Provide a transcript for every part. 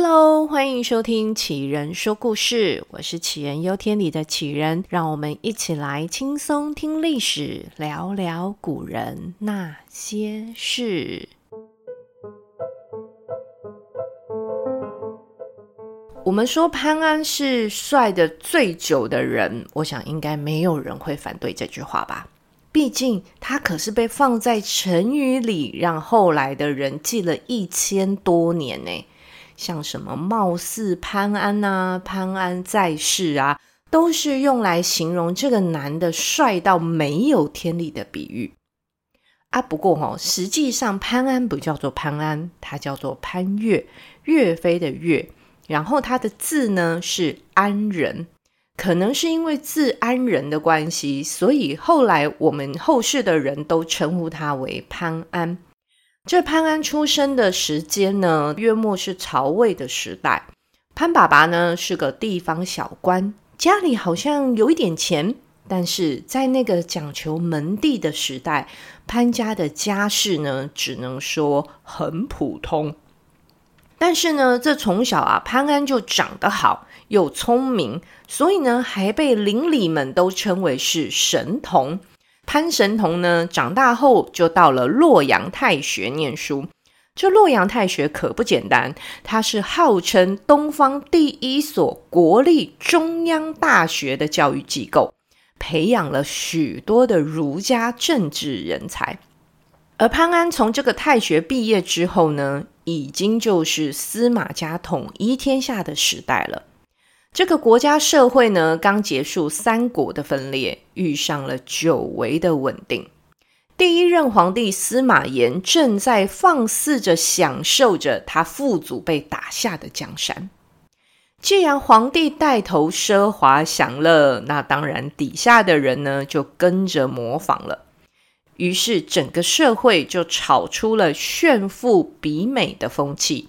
Hello，歡迎收聽《杞人說故事》，我是《杞人憂天》裡的杞人，讓我們一起來輕鬆聽歷史，聊聊古人那些事。我們說潘安是帥得最久的人，我想應該沒有人會反對這句話吧？畢竟他可是被放在成語裡，讓後來的人記了一千多年呢、欸。像什麼貌似潘安吶，啊，潘安在世啊，都是用來形容這個男的帥到沒有天理的比喻啊。不過哈，哦，實際上潘安不叫做潘安，他叫做潘岳，岳飛的岳。然後他的字呢是安仁，可能是因為字安仁的關係，所以後來我們後世的人都稱呼他為潘安。這潘安出生的時間呢，約莫是曹魏的時代。潘爸爸呢是個地方小官，家裡好像有一點錢，但是在那個講求門第的時代，潘家的家世呢，只能說很普通。但是呢，這從小啊，潘安就長得好又聰明，所以呢，還被鄰里們都稱為是神童。潘神童呢，長大後就到了洛陽太學念書。這洛陽太學可不簡單，它是號稱東方第一所國立中央大學的教育機構，培養了許多的儒家政治人才。而潘安從這個太學畢業之後呢，已經就是司馬家統一天下的時代了。這個國家社會呢，剛結束三國的分裂，遇上了久違的穩定。第一任皇帝司馬炎正在放肆着享受着他父祖輩打下的江山。既然皇帝帶頭奢華享樂，那當然底下的人呢就跟着模仿了。於是整個社會就炒出了炫富比美的風氣。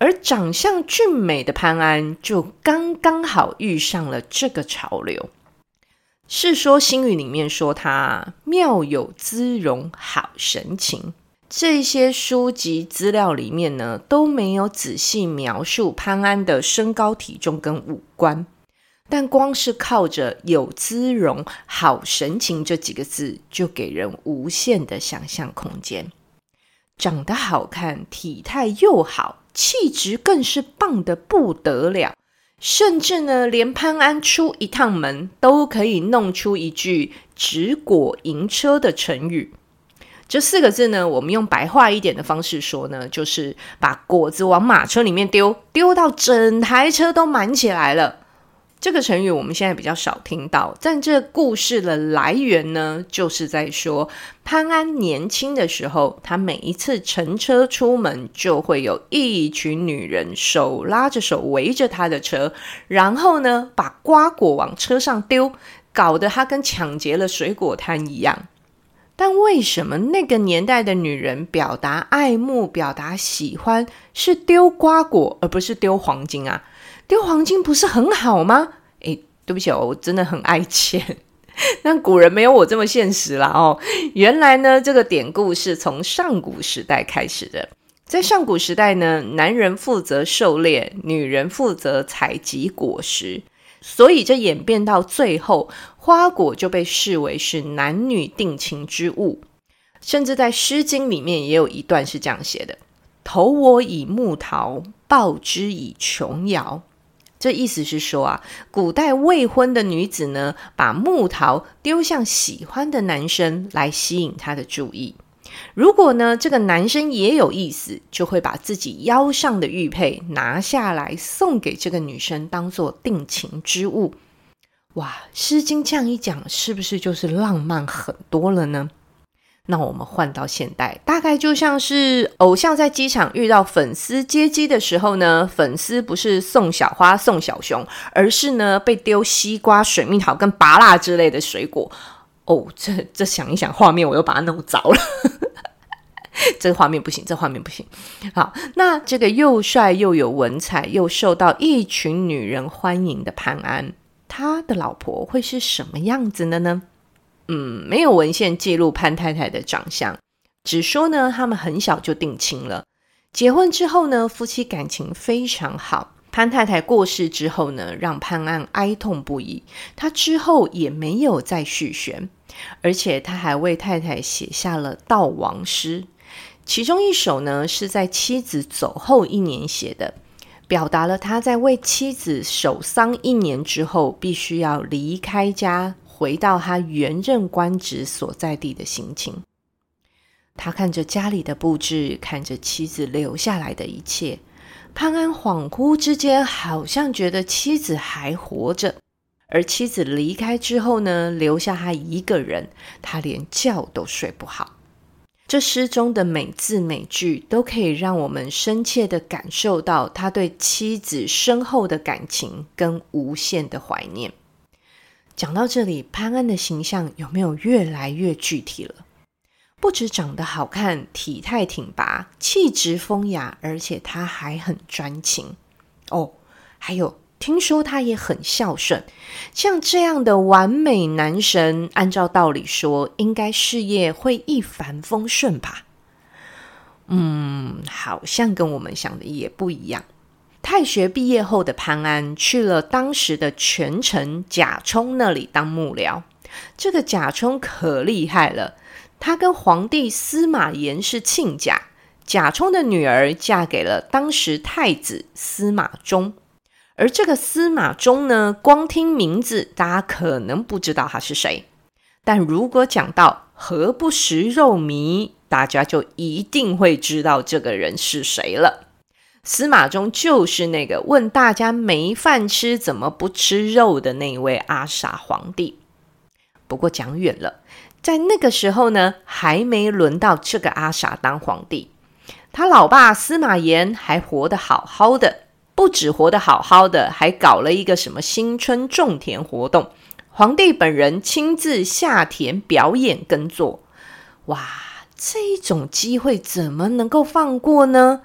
而長相俊美的潘安，就剛剛好遇上了這個潮流。《世說新語》裡面說他妙有姿容，好神情。這些書籍資料裡面呢，都沒有仔細描述潘安的身高、體重跟五官，但光是靠着“有姿容，好神情”這幾個字，就給人無限的想象空間。長得好看，體態又好。氣質更是棒得不得了，甚至呢，連潘安出一趟門都可以弄出一句“擲果盈車”的成語。這四個字呢，我們用白話一點的方式說呢，就是把果子往馬車裡面丟，丟到整台車都滿起來了。這個成語我們現在比較少聽到，但這個故事的來源呢，就是在說潘安年輕的時候，他每一次乘車出門，就會有一群女人手拉着手圍着他的車，然後呢，把瓜果往車上丟，搞得他跟搶劫了水果攤一樣。但為什麼那個年代的女人表達愛慕、表達喜歡是丟瓜果，而不是丟黃金啊？丟黃金不是很好嗎？哎，對不起哦，我真的很愛錢。但古人沒有我這麼現實了哦。原來呢，這個典故是從上古時代開始的。在上古時代呢，男人負責狩獵，女人負責採集果實，所以這演變到最後，花果就被視為是男女定情之物。甚至在《詩經》裡面也有一段是這樣寫的：“投我以木桃，報之以瓊瑤。”這意思是說啊，古代未婚的女子呢，把木桃丟向喜歡的男生，來吸引他的注意。如果呢，這個男生也有意思，就會把自己腰上的玉佩拿下來送給這個女生，當做定情之物。哇，《詩經》這樣一講，是不是就是浪漫很多了呢？那我們換到現代，大概就像是偶像在機場遇到粉絲接機的時候呢，粉絲不是送小花送小熊，而是呢被丟西瓜、水蜜桃跟芭樂之類的水果。哦，這這想一想畫面，我又把它弄糟了。 這個畫面不行，這畫面不行。好，那這個又帥又有文采又受到一群女人歡迎的潘安，他的老婆會是什麼樣子的呢？嗯，沒有文獻記錄潘太太的長相，只說呢，他們很小就定親了。結婚之後呢，夫妻感情非常好。潘太太過世之後呢，讓潘安哀痛不已。他之後也沒有再續弦，而且他還為太太寫下了悼亡詩，其中一首呢是在妻子走後一年寫的，表達了他在為妻子守喪一年之後，必須要離開家。回到他原任官職所在地的心情，他看着家裡的布置，看着妻子留下來的一切，潘安恍惚之間，好像覺得妻子還活着。而妻子離開之後呢，留下他一個人，他連覺都睡不好。這詩中的每字每句，都可以讓我們深切的感受到他對妻子深厚的感情跟無限的懷念。講到這裡，潘安的形象有沒有越來越具體了？不止長得好看，體態挺拔，氣質風雅，而且他還很專情。哦，還有，聽說他也很孝順。像這樣的完美男神，按照道理說，應該事業會一帆風順吧？嗯，好像跟我們想的也不一樣。太學畢業後的潘安去了當時的權臣賈充那裡當幕僚。這個賈充可厲害了，他跟皇帝司馬炎是親家。賈充的女兒嫁給了當時太子司馬衷，而這個司馬衷呢，光聽名字大家可能不知道他是誰，但如果講到“何不食肉糜”，大家就一定會知道這個人是誰了。司馬衷就是那個問大家沒飯吃、怎麼不吃肉的那位阿傻皇帝。不過講遠了，在那個時候呢，還沒輪到這個阿傻當皇帝，他老爸司馬炎還活得好好的，不止活得好好的，還搞了一個什麼新春種田活動，皇帝本人親自下田表演耕作，哇，這種機會怎麼能夠放過呢？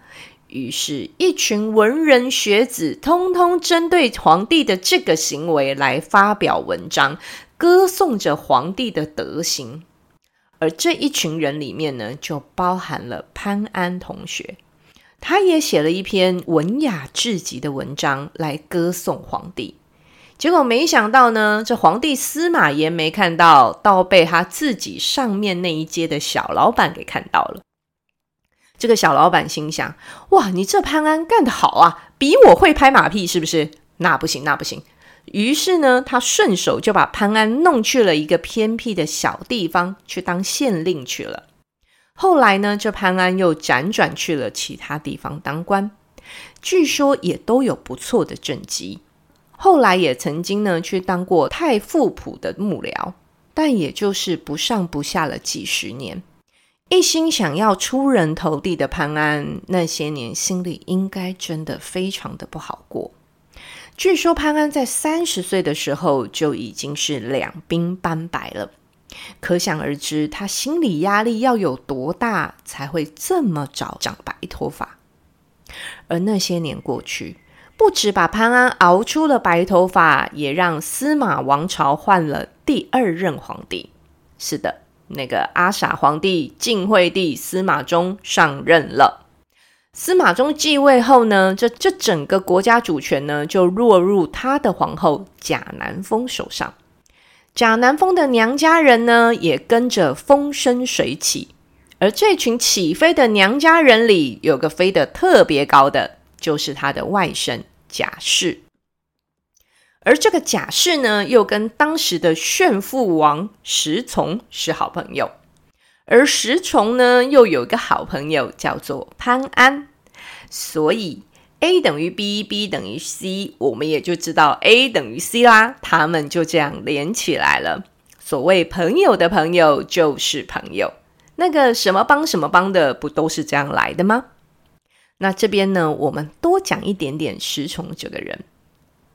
於是，一群文人學子通通針對皇帝的這個行為來發表文章，歌頌着皇帝的德行。而這一群人裡面呢，就包含了潘安同學，他也寫了一篇文雅至極的文章來歌頌皇帝。結果沒想到呢，這皇帝司馬炎沒看到，倒被他自己上面那一階的小老闆給看到了。這個小老板心想：“哇，你這潘安幹得好啊，比我會拍馬屁是不是？那不行，那不行。”於是呢，他順手就把潘安弄去了一個偏僻的小地方去當縣令去了。後來呢，這潘安又輾轉去了其他地方當官，據說也都有不錯的政績。後來也曾經呢去當過太傅府的幕僚，但也就是不上不下了幾十年。一心想要出人頭地的潘安，那些年心裡應該真的非常的不好過。據說潘安在三十歲的時候就已經是兩鬢斑白了，可想而知他心理壓力要有多大才會這麼早長白頭髮。而那些年過去，不止把潘安熬出了白頭髮，也讓司馬王朝換了第二任皇帝。是的。那個阿傻皇帝晉惠帝司馬衷上任了。司馬衷繼位後呢，這這整個國家主權呢就落入他的皇后賈南風手上。賈南風的娘家人呢也跟着風生水起，而這群起飛的娘家人裡，有個飛得特別高的，就是他的外甥賈氏。而這個賈氏呢，又跟當時的炫富王石崇是好朋友，而石崇呢，又有一個好朋友叫做潘安，所以 A 等於 B，B 等於 C，我們也就知道 A 等於 C 啦。他們就這樣連起來了。所謂朋友的朋友就是朋友，那個什麼幫什麼幫的，不都是這樣來的嗎？那這邊呢，我們多講一點點石崇這個人。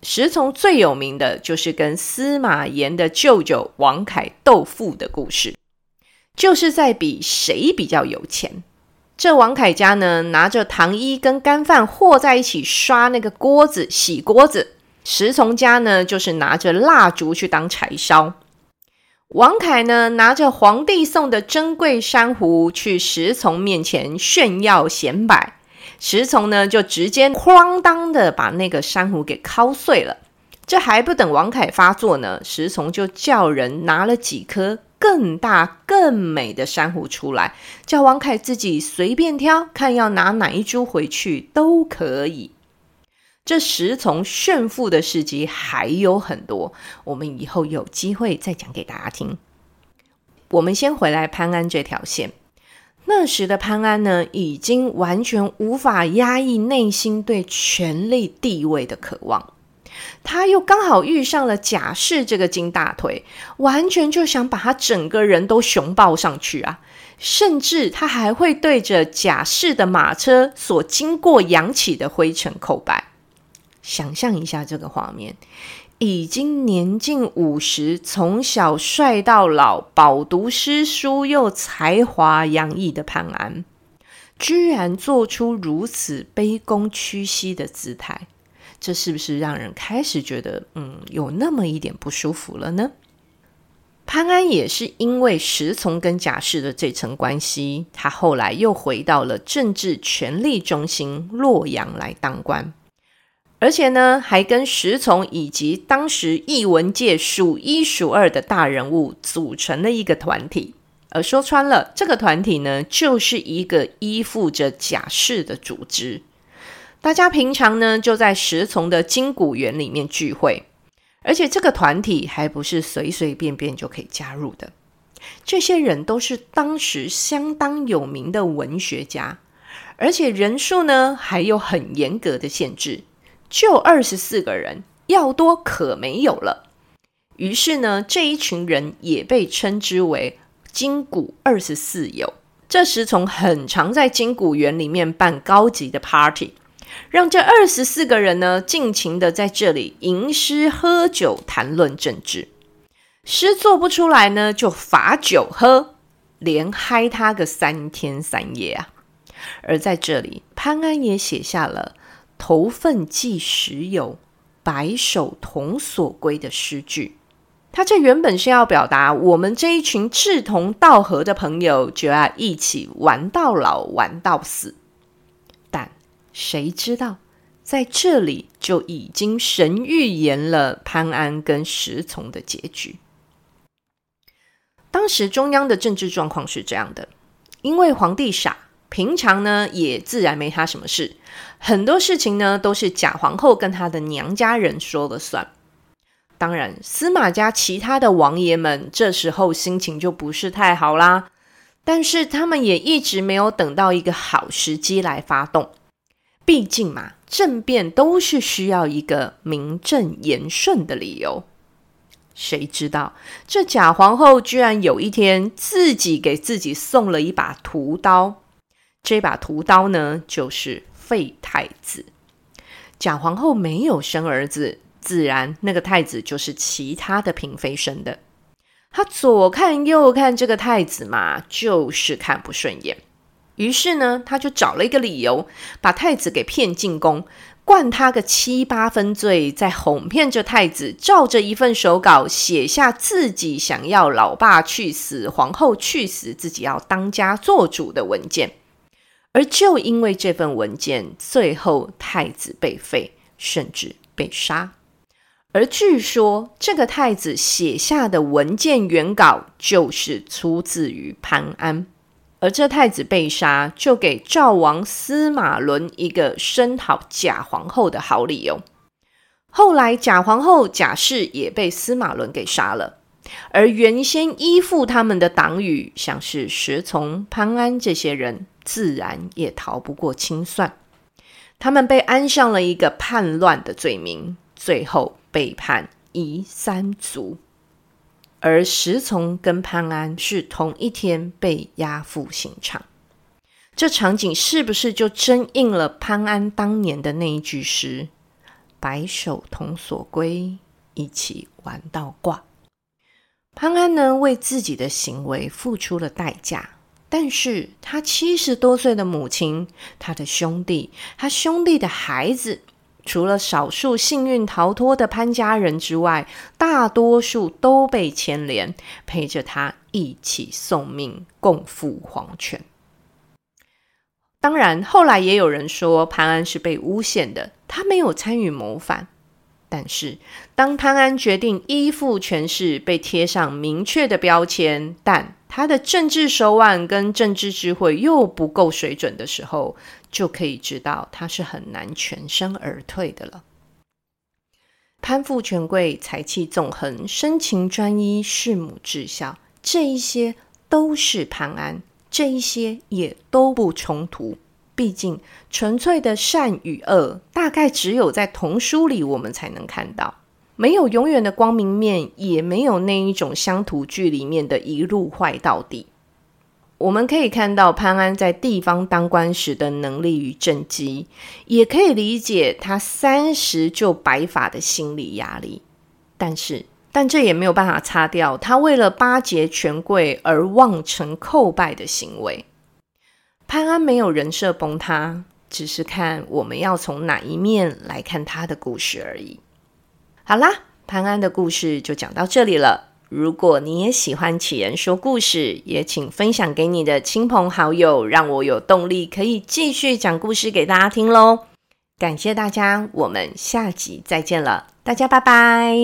石崇最有名的就是跟司馬炎的舅舅王愷鬥富的故事，就是在比誰比較有錢。這王愷家呢，拿着糖衣跟乾飯和在一起刷那個鍋子、洗鍋子；石崇家呢，就是拿着蠟燭去當柴燒。王愷呢，拿着皇帝送的珍貴珊瑚去石崇面前炫耀顯擺。石崇呢，就直接哐噹的把那個珊瑚給敲碎了。這還不等王凱發作呢，石崇就叫人拿了幾顆更大更美的珊瑚出來，叫王凱自己隨便挑，看要拿哪一株回去都可以。這石崇炫富的事蹟還有很多，我們以後有機會再講給大家聽。我們先回來潘安這條線。那時的潘安呢，已經完全無法壓抑內心對權力地位的渴望，他又剛好遇上了賈氏這個金大腿，完全就想把他整個人都熊抱上去啊！甚至他還會對着賈氏的馬車所經過揚起的灰塵叩拜。想象一下這個畫面：已經年近五十，從小帥到老，飽讀詩書又才華洋溢的潘安，居然做出如此卑躬屈膝的姿態，這是不是讓人開始覺得，嗯，有那麼一點不舒服了呢？潘安也是因為石崇跟賈氏的這層關係，他後來又回到了政治權力中心洛陽來當官。而且呢，還跟石崇以及當時藝文界數一數二的大人物組成了一個團體。而說穿了，這個團體呢，就是一個依附着賈氏的組織。大家平常呢，就在石崇的金谷園裡面聚會。而且，這個團體還不是隨隨便便就可以加入的。這些人都是當時相當有名的文學家，而且人數呢，還有很嚴格的限制。就二十四個人，要多可沒有了。於是呢，這一群人也被稱之為金谷二十四友。這時，石崇很常在金谷園裡面辦高級的 party，讓這二十四個人呢盡情的在這裡吟詩、喝酒、談論政治。詩做不出來呢，就罰酒喝，連嗨他個三天三夜啊！而在這裡，潘安也寫下了。投分寄石友，白首同所歸的詩句，他這原本是要表達我們這一群志同道合的朋友就要一起玩到老，玩到死。但誰知道在這裡就已經神預言了潘安跟石崇的結局。當時中央的政治狀況是這樣的，因為皇帝傻。平常呢，也自然沒他什麼事。很多事情呢，都是賈皇後跟她的娘家人說了算。當然，司馬家其他的王爺們這時候心情就不是太好啦。但是他們也一直沒有等到一個好時機來發動。畢竟嘛，政變都是需要一個名正言順的理由。誰知道，這賈皇后居然有一天自己給自己送了一把屠刀。這把屠刀呢，就是廢太子。賈皇后沒有生兒子，自然那個太子就是其他的嬪妃生的。他左看右看這個太子嘛，就是看不順眼。於是呢，他就找了一個理由，把太子給騙進宮，灌他個七八分醉，再哄騙着太子，照着一份手稿寫下自己想要老爸去死、皇后去死、自己要當家做主的文件。而就因為這份文件，最後太子被廢，甚至被殺。而據說這個太子寫下的文件原稿就是出自於潘安。而這太子被殺，就給趙王司馬倫一個聲討賈皇後的好理由。後來，賈皇后賈氏也被司馬倫給殺了。而原先依附他們的黨羽，像是石崇、潘安這些人，自然也逃不過清算。他們被安上了一個叛亂的罪名，最後被判夷三族。而石崇跟潘安是同一天被押赴刑場，這場景是不是就真應了潘安當年的那一句詩：“白首同所歸，一起玩到掛。”潘安，安呢，為自己的行為付出了代價，但是他七十多歲的母親、他的兄弟、他兄弟的孩子，除了少數幸運逃脫的潘家人之外，大多數都被牽連，陪着他一起送命，共赴黃泉。當然，後來也有人說潘安是被誣陷的，他沒有參與謀反。但是，當潘安決定依附權勢，被貼上明確的標籤，但他的政治手腕跟政治智慧又不夠水準的時候，就可以知道他是很難全身而退的了。攀附權貴，才氣縱橫，深情專一，侍母至孝，這一些都是潘安，這一些也都不衝突。畢竟，純粹的善與惡，大概只有在童書裡我們才能看到。沒有永遠的光明面，也沒有那一種鄉土劇裡面的一路壞到底。我們可以看到潘安在地方當官時的能力與政績，也可以理解他三十就白髮的心理壓力。但是，但這也沒有辦法擦掉他為了巴結權貴而望塵叩拜的行為。潘安沒有人設崩塌，只是看我們要從哪一面來看他的故事而已。好啦，潘安的故事就講到這裡了。如果你也喜歡杞人說故事，也請分享給你的親朋好友，讓我有動力可以繼續講故事給大家聽嘍。感謝大家，我們下集再見了，大家拜拜。